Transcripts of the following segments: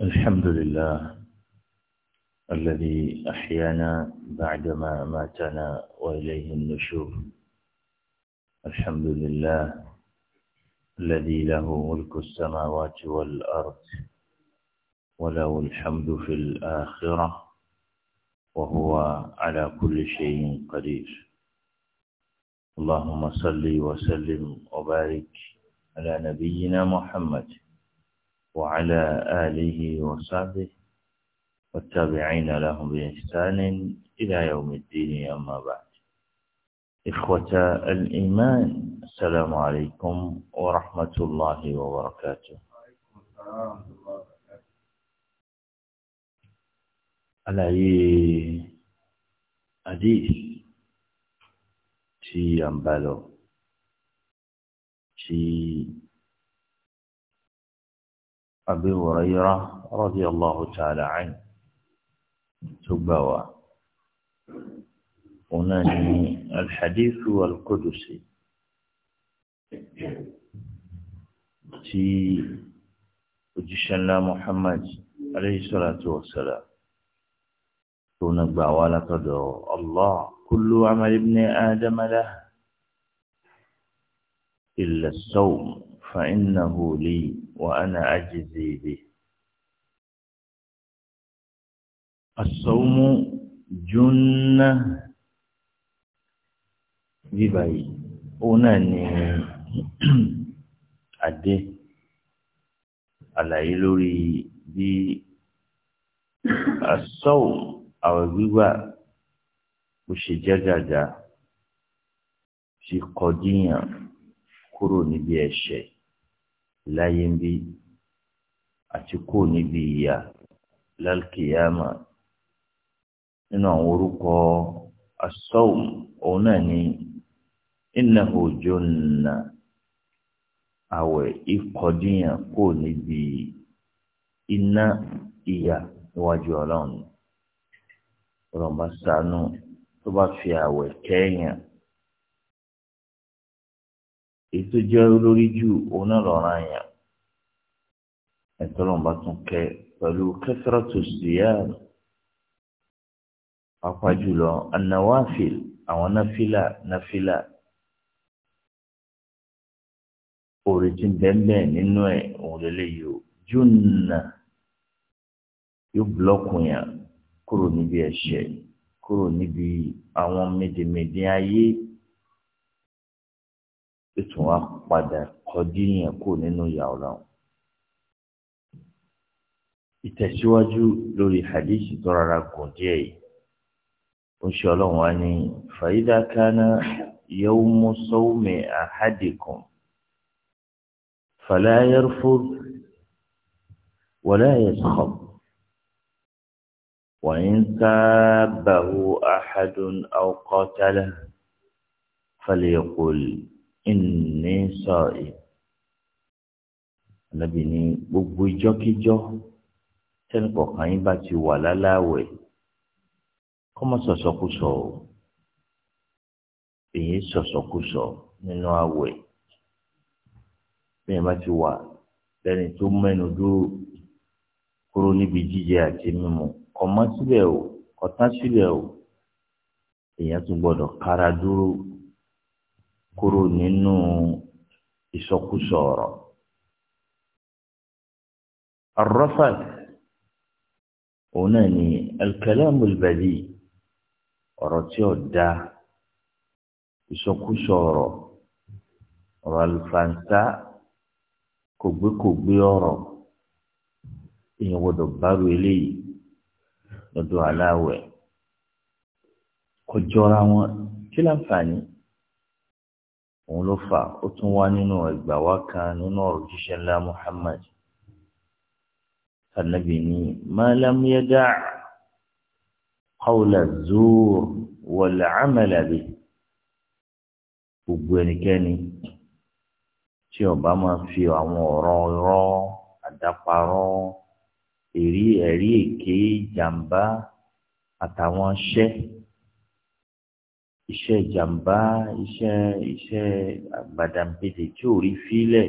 الحمد لله الذي أحيانا بعدما ماتنا وإليه النشور الحمد لله الذي له ملك السماوات والأرض وله الحمد في الآخرة وهو على كل شيء قدير اللهم صل وسلم وبارك على نبينا محمد وعلى آله وصحبه والتابعين لهم بإحسان إلى يوم الدين أما بعد إخوة الإيمان السلام عليكم ورحمة الله وبركاته على حديث في a في أبي هريرة رضي الله تعالى عنه تبوا أناني الحديث والقدس في وجشن لا محمد عليه الصلاة والسلام تنبع ولا الله كل عمل ابن آدم له إلا الصوم فإنه لي وأنا أجزي به الصوم جنة bíbáyìí òun náà ni adé àlàyé lórí bí asọ́wò àwẹ̀ gbígbà ó ṣe jẹ́ gàgà ṣe kọdíyàn kúrò níbi ẹ̀ṣẹ̀ láyé ń bí àti kó níbi ìyà lálkìyàmà nínú àwọn orúkọ asọ́wùm òun náà ni innahu junna àwẹ̀ ìkọdíyàn kó níbi iná ìyà níwájú ọlọ́run ọlọ́run bá ṣàánú tó bá fi àwẹ̀ kẹ́yàn ètò jẹ́ olórí jù òun náà lọ́rọ̀ àyàn ẹ̀tọ́rọ̀ bá tún kẹ pẹ̀lú kẹsàrọ̀ tó sì yá pàápàá jùlọ anáwáfíl àwọn náfìlà náfìlà òòrè tí ń bẹ́ẹ̀ nínú ẹ̀ òun lélẹ́yìí o júùnà yóò búlọ́ọ̀kù yàn kúrò níbi ẹ̀ṣẹ̀ kúrò níbi àwọn mèdèmèdè ayé ètò wa padà kọjú yẹn kó nínú ìyá ọlọ́run. ìtẹ̀síwájú lórí hadith tó rárá gùn díẹ̀ yìí ó ṣe ọlọ́run wa ní fàyídà kánà yawmu sawmi ahadikum fala yarfud wala yaskhab wa in sabahu ahadun aw qatalahu falyaqul ìní sọ̀rọ̀ ànábì ní gbogbo ìjọ́kíjọ́ tẹ́nì kọ̀ọ̀kan yín bá ti wà láláwẹ̀ kọ́mọ́ sọ̀sọ́kùsọ̀ o èyí sọ̀sọ́kùsọ̀ nínú àwẹ̀ bẹ́ẹ̀ bá ti wà lẹ́ni tó mẹ́nu dúró kúrò níbi jíjẹ àti mímu kọ̀mọ́ síbẹ̀ o kọ̀tán síbẹ̀ o èyí á tún gbọ́dọ̀ kára dúró kúrò nínú ìsọkúsọ ọ̀rọ̀. Arrafat òun náà ni alkalamu albadi ọ̀rọ̀ tí ó da ìsọkúsọ ọ̀rọ̀ ọ̀rọ̀ alfansa kògbékògbé ọ̀rọ̀ èèyàn gbọ́dọ̀ bárò eléyìí lọ́dọ̀ aláwẹ̀ kọjọra wọn kí láǹfààní òun ló fà ó tún wá nínú ìgbà wá kan nínú ọ̀rọ̀ jíṣẹ́ ńlá Muhammad anabi ni malam yada qawla zuur wal amala bi gbogbo ẹnikẹ́ni tí ó máa fi àwọn ọ̀rọ̀ irọ́ àdáparọ́ èrí ẹ̀rí èké jàǹbá àtàwọn ṣẹ́ iṣẹ́ ìjàmbá iṣẹ́ iṣẹ́ àgbàdàmpété tí ò rí fílẹ̀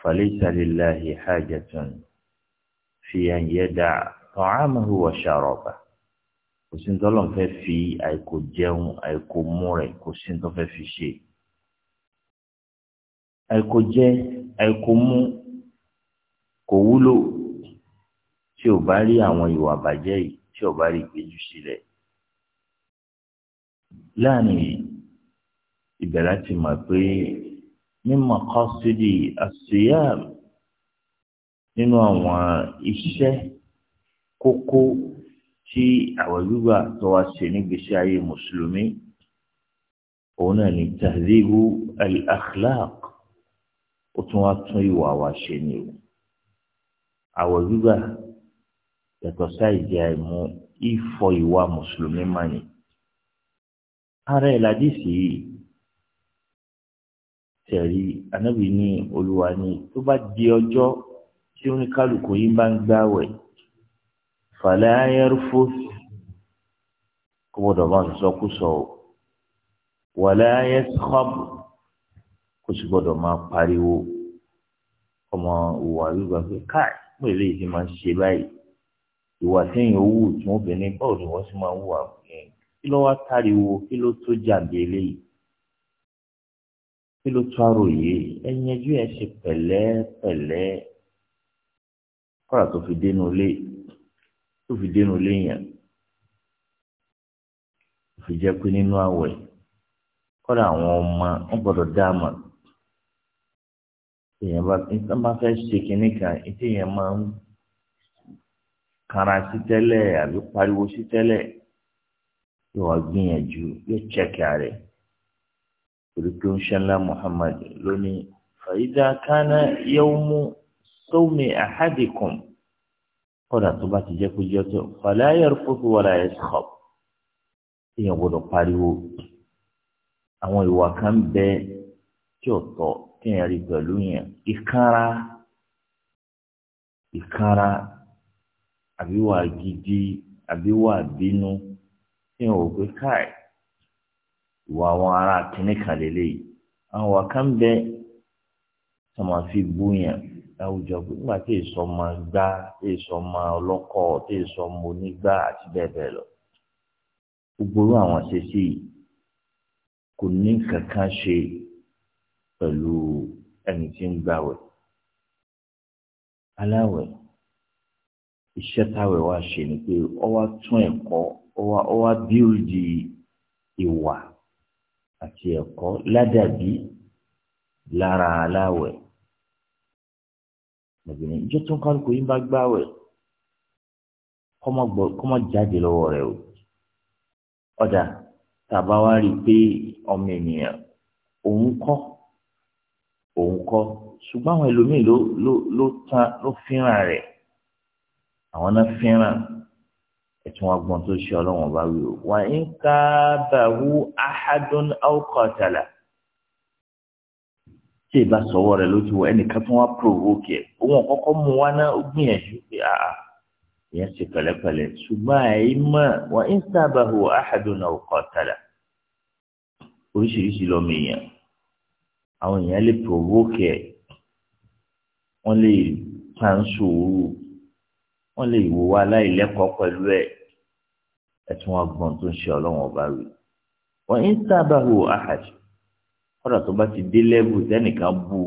falaysa lillahi hajatun fi an yada'a ta'amahu wa sharabahu kò sí ní tọ́lọ́ fẹ́ fi àìkò jẹun àìkò mú rẹ̀ kò sí ní tọ́ fẹ́ fi ṣe àìkò jẹ àìkò mú kò wúlò tí ò bá rí àwọn ìwà bàjẹ́ yìí tí ò bá rí ìgbéjú sílẹ̀ láàrin yìí ìbẹ̀rẹ̀ ti mọ̀ pé mímọ̀ kọ́ sídi àṣìyá nínú àwọn iṣẹ́ kókó tí àwọn gbígbà tó wá ṣe nígbésí ayé mùsùlùmí òun náà ní tahdibu al ó tún wá tún ìwà wa ṣe ni o àwọn gbígbà yàtọ̀ sáì jẹ́ àìmú ìfọ ìwà mùsùlùmí mání ara ẹ̀ ládìsí yìí tẹ̀rí anábì ní olúwa ni tó bá di ọjọ́ tí oníkálukú yìí bá ń gbáwẹ̀ fàlẹ́ ayẹ́rúfó kó gbọ́dọ̀ máa sọkúsọ o wàlẹ́ ayẹ́sọ́bù kó sì gbọ́dọ̀ máa pariwo ọmọ ìwà wíwá pé káì mo lè ti máa ṣe báyìí ìwà sẹ́yìn owó tí wọ́n fi ní báwo wọ́n sì máa ń wà kí ló wá tariwo kí ló tó jàbí eléyìí kí ló tó àròyé ẹyinjú ẹ ṣe pẹ̀lẹ́pẹ̀lẹ́ kọ́ra tó fi dénú lé tó fi dénú lé yẹn tó fi jẹ́ pé nínú àwẹ̀ kọ́ra àwọn ọmọ wọn gbọ́dọ̀ dá èèyàn bá nǹkan bá fẹ́ ṣe kinní kan ètò èèyàn máa ń kara sí tẹ́lẹ̀ àbí pariwo sí tẹ́lẹ̀ yóò wá gbìyànjú yóò chẹ́kì ààrẹ torí pé ń ṣẹlá Muhammad lónìí fàyídà kánà yawmu sawmi ahadikum kódà tó bá ti jẹ́ kó jẹ́ tó fala yarfuth wala yaskhab èèyàn gbọ́dọ̀ pariwo àwọn ìwà kan bẹ tí ò tọ́ kéèyàn rí pẹ̀lú yẹn ìkanra ìkanra àbí wà gidi àbí wà bínú tí wọn ò gbé káì ìwà àwọn ará kìnnì kan lélẹ́yìí àwọn wàkà ń bẹ tí wọn fi bú yàn láwùjọ pé nígbà tí èso ọmọ gbá tí èso ọmọ ọlọ́kọ tí èso ọmọ onígbà àti bẹ́ẹ̀ bẹ́ẹ̀ lọ gbogbo àwọn ṣẹṣẹ yìí kò ní kankan ṣe pẹ̀lú ẹni tí ń gbàwẹ̀ aláwẹ̀ iṣẹ́ táwẹ̀ wá ṣe ni pé ọ tún ẹ̀kọ́ ó wá ó wá bíúdì ìwà àti ẹ̀kọ́ ládàbí lára aláwẹ̀ obìnrin ìjọ tó ń kálukú yín bá gbáwẹ̀ kọ́mọ jáde lọ́wọ́ rẹ̀ o ọ̀dà tàbá wá rí i pé ọmọ ènìyàn òun kọ́ òun kọ́ ṣùgbọ́n àwọn ẹlòmíì ló tán ló fẹ́ràn rẹ̀ àwọn náà fẹ́ràn ẹtí wọn gbọ́n tó ṣe ọlọ́run ọba wí o wà ń ká bàwú ahadun alkọtala tí ìbá sọwọ́ rẹ̀ ló ti wọ ẹnìkan tó wá provoke ẹ̀ òun ọ̀kọ́kọ́ mú wa náà gbìyànjú pé àà ìyẹn ṣe pẹ̀lẹ́pẹ̀lẹ́ ṣùgbọ́n àyè mọ̀ wà ń ká bàwú ahadun alkọtala oríṣiríṣi lọ́mọ èèyàn àwọn èèyàn lè provoke ẹ̀ wọ́n lè pa ń sòwúrò wọ́n lè wò wá láìlẹ́kọ̀ọ́ pẹ̀lú ẹ̀ ẹtún wọn gbọ́n tó ń ṣe ọlọ́wọ́n ọba rè wọ́n ń sábàáwò ahad kọ́dà tó bá ti dé lẹ́bù tẹ́nìkan bu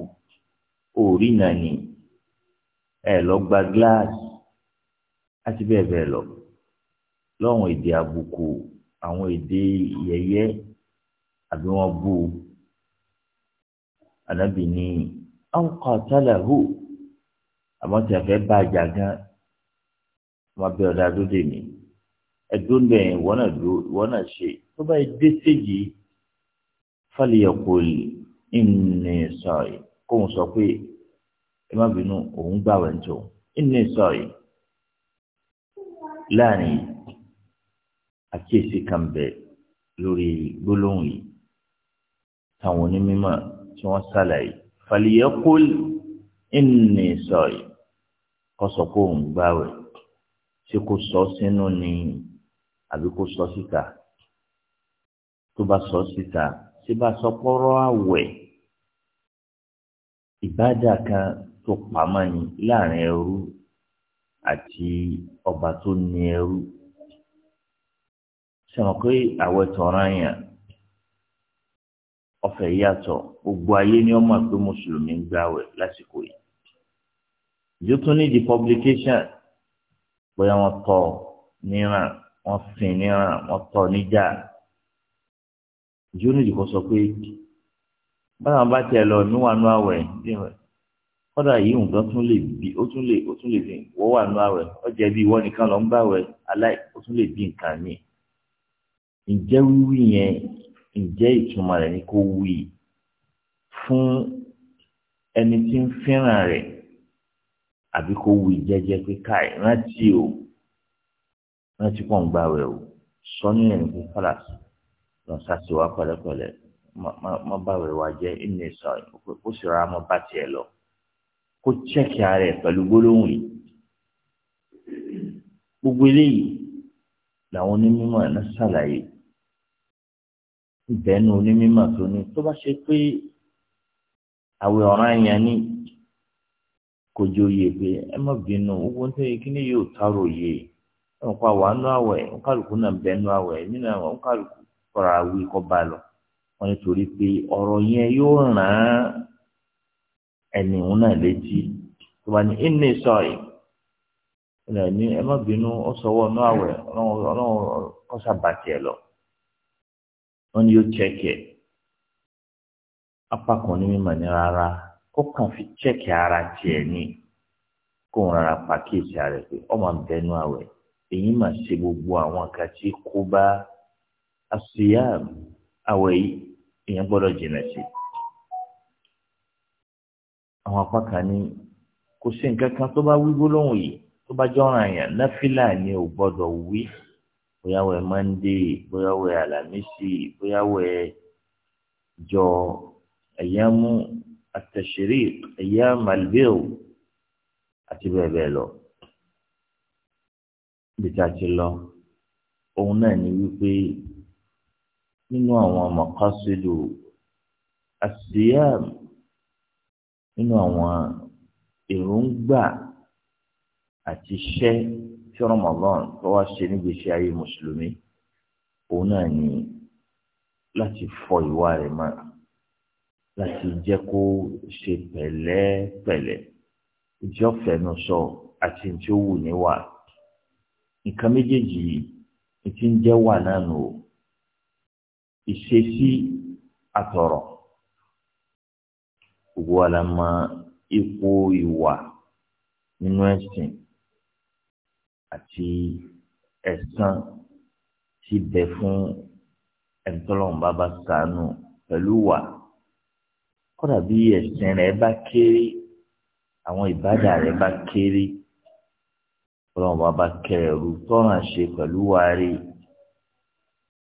orí náà ni ẹ lọ gba gíláàsì àti bẹ́ẹ̀ bẹ́ẹ̀ lọ lọ́wọ́n èdè àbùkù àwọn èdè yẹ̀yẹ́ àbí wọ́n bu ànábì ní ọkọ̀ tálàhù àmọ́ tí a fẹ́ bá a jà gan wọ́n bẹ ọ̀dà dóde mi ẹdún bẹ́ẹ̀ wọ́n náà dúró wọ́n náà ṣe tó bá dé séjì fàlìyàkùlì ìnì sọ̀rì kóun sọ pé ẹ má bínú òun gbàwẹ̀ ń tó ìnì sọ̀rì láàrin àkíyèsí kan bẹ lórí gbólóhùn yìí táwọn onímọ̀ tí wọ́n ṣàlàyé fàlìyàkùlì ìnì sọ̀rì kó sọ pé òun gbàwẹ̀ ṣé kò sọ sínú ni àbí kó sọ síta tó bá sọ síta tí bá sọ kọ́rọ́ àwẹ̀ ìbádà kan tó pamọ́ ni láàrin ẹrú àti ọba tó ní ẹrú sọ̀rọ̀ pé àwẹ̀ tọ̀ràn yàn ọ̀fẹ́ yàtọ̀ gbogbo ayé ni ọmọ pé mùsùlùmí ń gbàwẹ̀ lásìkò yìí yóò tún ní the publication bóyá wọn tọ níran wọ́n fin níran wọ́n tọ́ níjà ìdìbò sọ pé báwọn bá tẹ lọ níwàánú àwẹ̀ kódà yìí nǹkan tún lè bí ó tún lè ó tún lè bí wọ́n wà nù àwẹ̀ jẹ́ wọ́n nìkan lọ ń bá àwẹ̀ aláì ó tún lè bí nǹkan míì ǹjẹ́ wíwí yẹn ǹjẹ́ ìtumọ̀ rẹ̀ ni wí fún ẹni tí ń fẹ́ràn rẹ̀ àbí o. rántí pọ̀ ń gbà wẹ̀ o sọ nínú ẹni pé kọ́là lọ sáṣẹ wa pẹ̀lẹ́pẹ̀lẹ́ má bá wẹ̀ wá jẹ́ ẹni sọ ó sì rárá mọ́ bá tiẹ̀ lọ kó chẹ́kì ara ẹ̀ pẹ̀lú gbólóhùn yìí gbogbo eléyìí làwọn onímọ̀ náà ṣàlàyé ìbẹ́nu onímọ̀ tó ní tó bá ṣe pé àwẹ̀ ọ̀ràn ẹ̀yàn ní kò jòyè pé ẹ má bínú owó tó yẹ kí ni yóò tárò yìí. nkwa àwọn àánú àwẹ̀ nkálukú na bẹ nú àwẹ̀ nínú àwọn nkálukú kọra awi kọ lọ wọn nítorí pé ọ̀rọ̀ yẹn yóò ràn án ẹni òun náà létí tó bá ní ní ẹ má bínú kọsà lọ wọn ni yóò fi ara ní kó ń rárá pàkíyèsí ara rẹ pé ọmọ èyí mà ṣe gbogbo àwọn kan tí kó bá asiyam àwẹ̀ yìí èèyàn gbọ́dọ̀ jìnnà sí. àwọn apá kan ní kò sí nǹkan kan tó bá wí gbólóhùn yìí tó bá jọ́ràn àyàn náfìlà ni ò gbọ́dọ̀ wí bóyá wẹ̀ mọ́ndé bóyá wẹ̀ àlàmísì bóyá wẹ̀ jọ ẹ̀yàmú àtẹ̀sírí ẹ̀yàmú àti bẹ́ẹ̀ bẹ́ẹ̀ lọ bìtà ti lọ òun náà ni wípé nínú àwọn mọ̀kásílù àṣìyàm nínú àwọn èròǹgbà àti iṣẹ́ tí Ramadan tó wá ṣe nígbèsè ayé mùsùlùmí òun náà ni láti fọ ìwà rẹ̀ mọ́ láti jẹ́ kó ṣe pẹ̀lẹ́pẹ̀lẹ́ ìjọ́fẹ̀ẹ́nusọ àti tí níwàá nǹkan méjèèjì yìí ti ń jẹ́ wà nánu o ìṣesí àtọ̀rọ̀ gbogbo wa la mọ ipò ìwà nínú ẹ̀sìn àti ẹ̀san ti bẹ fún ẹ̀ńtọ́lọ́mùbá bá sànù pẹ̀lú wà kódà bí ẹ̀sìn rẹ̀ bá kéré àwọn ìbádà rẹ̀ bá kéré ọlọ́run bá bá kẹrù tọ́ràn ṣe pẹ̀lú wárí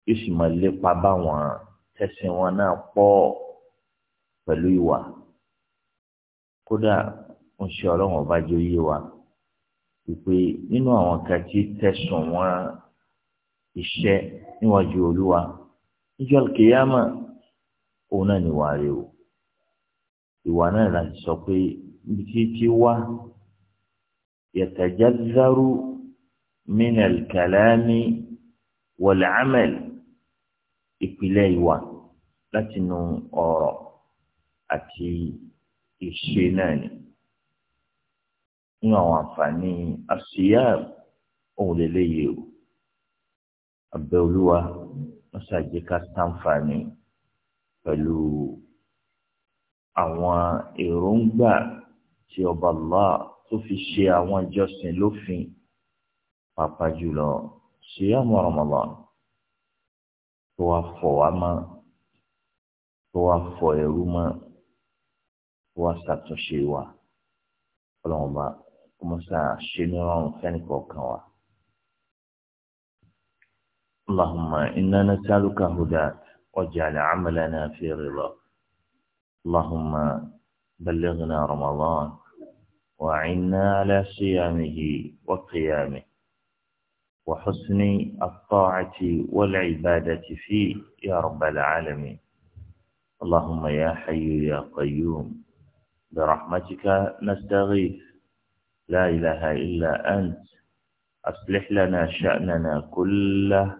yóò sì máa lépa báwọn tẹ̀sìn wọn náà pọ̀ pẹ̀lú ìwà kódà ń ṣe ọlọ́run ọba jẹ́ oyé wa wípé nínú àwọn kan tí tẹ̀sùn wọn iṣẹ́ níwájú olúwa níjọ́ kìyàmà òun náà ni wàá rè o ìwà náà láti sọ pé ibi tí tí wá يتجذر من الكلام والعمل ìpìlẹ̀ ìwà látinú ọ̀rọ̀ àti ìṣe náà ni nínú àwọn àǹfààní àṣìyáàb òun lélẹ́yìí o abẹ́ olúwa wọ́n ṣàjẹ́ká sáǹfààní pẹ̀lú àwọn èròǹgbà tí ọba Allah tó fi ṣe àwọn ìjọsìn lófin pàápàá jùlọ ṣíyàmù Ramadan tó wá fọ̀ wá mọ́ tó wá fọ̀ ẹ̀rú mọ́ tó wá ṣàtúnṣe wa ọlọ́run bá kọ́mọ́sá ṣe ní ọrùn fẹ́nìkọ̀ọ̀kan wa. اللهم إنا نسألك هداك واجعل عملنا في رضا. اللهم بلغنا رمضان وعنا على صيامه وقيامه وحسن الطاعة والعبادة فيه يا رب العالمين اللهم يا حي يا قيوم برحمتك نستغيث لا إله إلا أنت أصلح لنا شأننا كله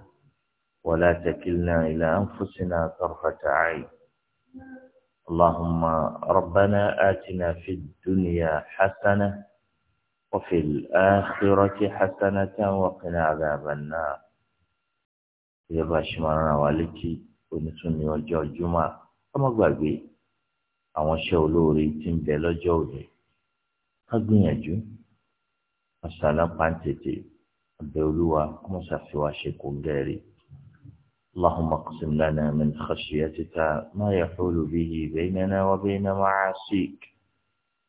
ولا تكلنا إلى أنفسنا طرفة عين اللهم ربنا آتنا في الدنيا حسنة وفي الآخرة حسنة وقنا عذاب النار يا باشمرنا والكي ونسوني وجو الجمعة ọmọ gbàgbé àwọn iṣẹ́ olóore tí ń bẹ lọ́jọ́ òní ká gbìyànjú ọ̀sán lápá ń tètè ọbẹ̀ olúwa kó mọ̀ ṣàfihàn ṣe kò ń gẹ̀rẹ́. اللهم اقسم لنا من خشيتك ما يحول به بيننا وبين معاصيك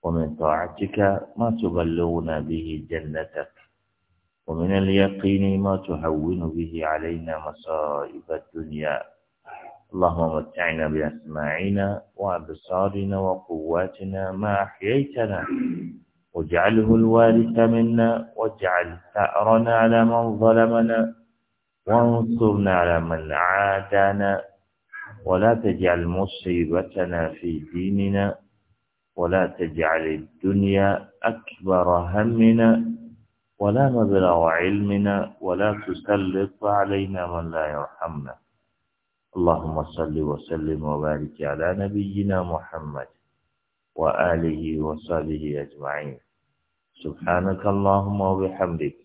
ومن طاعتك ما تبلغنا به جنتك ومن اليقين ما تهون به علينا مصائب الدنيا اللهم متعنا بأسماعنا وأبصارنا وقواتنا ما أحييتنا واجعله الوارث منا واجعل ثأرنا على من ظلمنا وانصرنا على من عادانا ولا تجعل مصيبتنا في ديننا ولا تجعل الدنيا أكبر همنا ولا مبلغ علمنا ولا تسلط علينا من لا يرحمنا اللهم صل وسلم وبارك على نبينا محمد وآله وصحبه أجمعين سبحانك اللهم وبحمدك